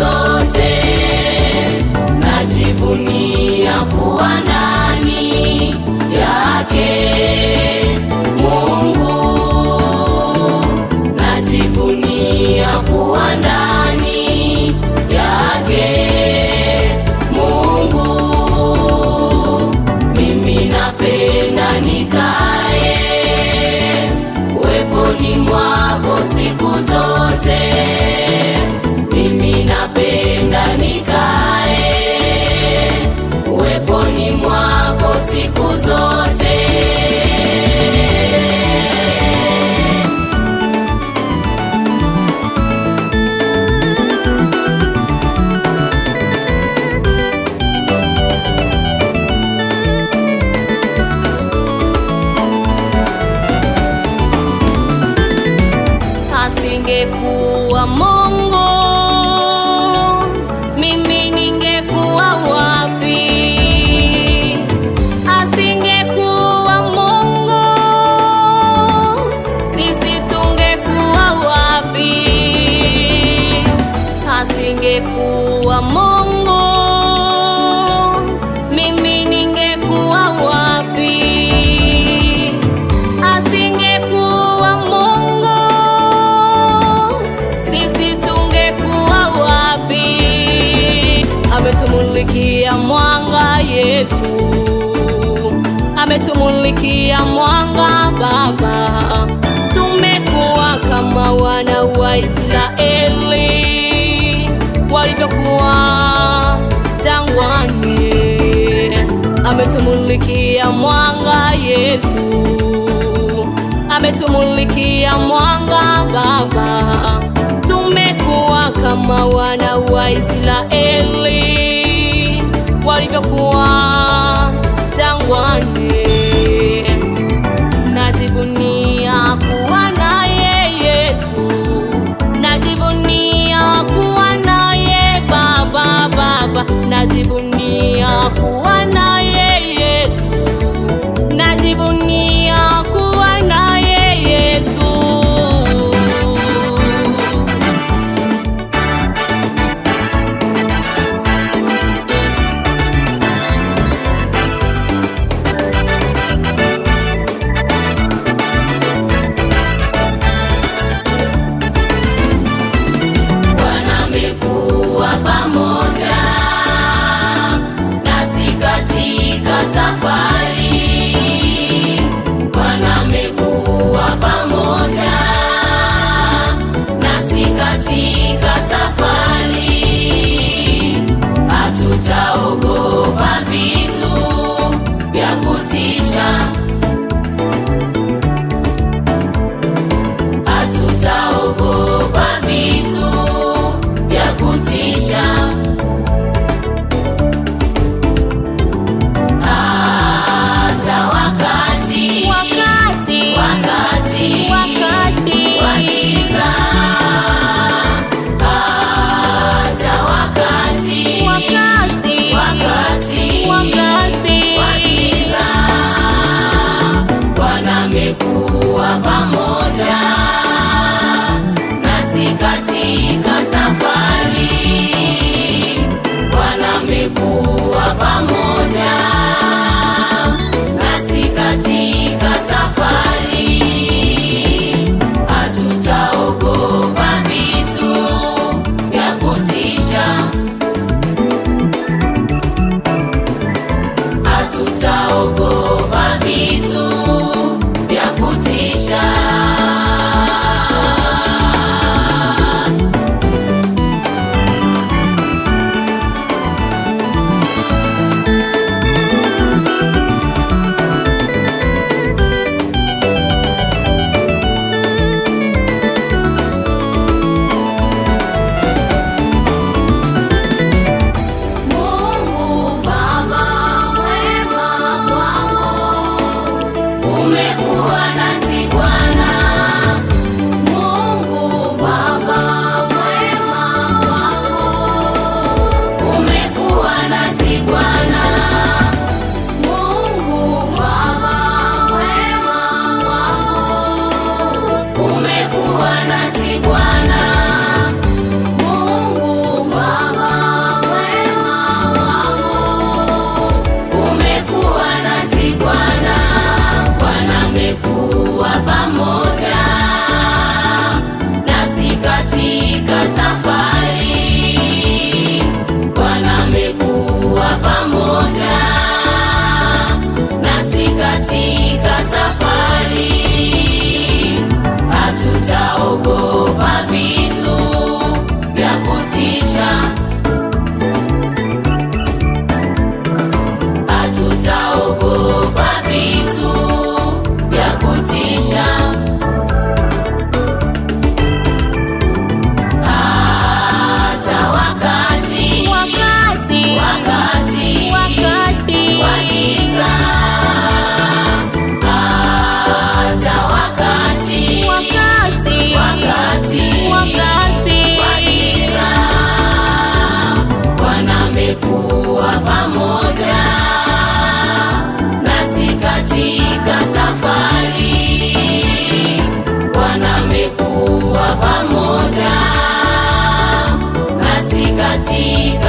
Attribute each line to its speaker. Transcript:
Speaker 1: zote, najivunia kuwa ndani yake Mungu, najivunia kuwa ndani yake Mungu, mimi napenda nika umetumulikia mwanga Baba, tumekuwa kama wana wa Israeli walivyokuwa jangwani. Ametumulikia mwanga Yesu, ametumulikia mwanga Baba, tumekuwa kama wana wa Israeli walivyokuwa Hani
Speaker 2: ti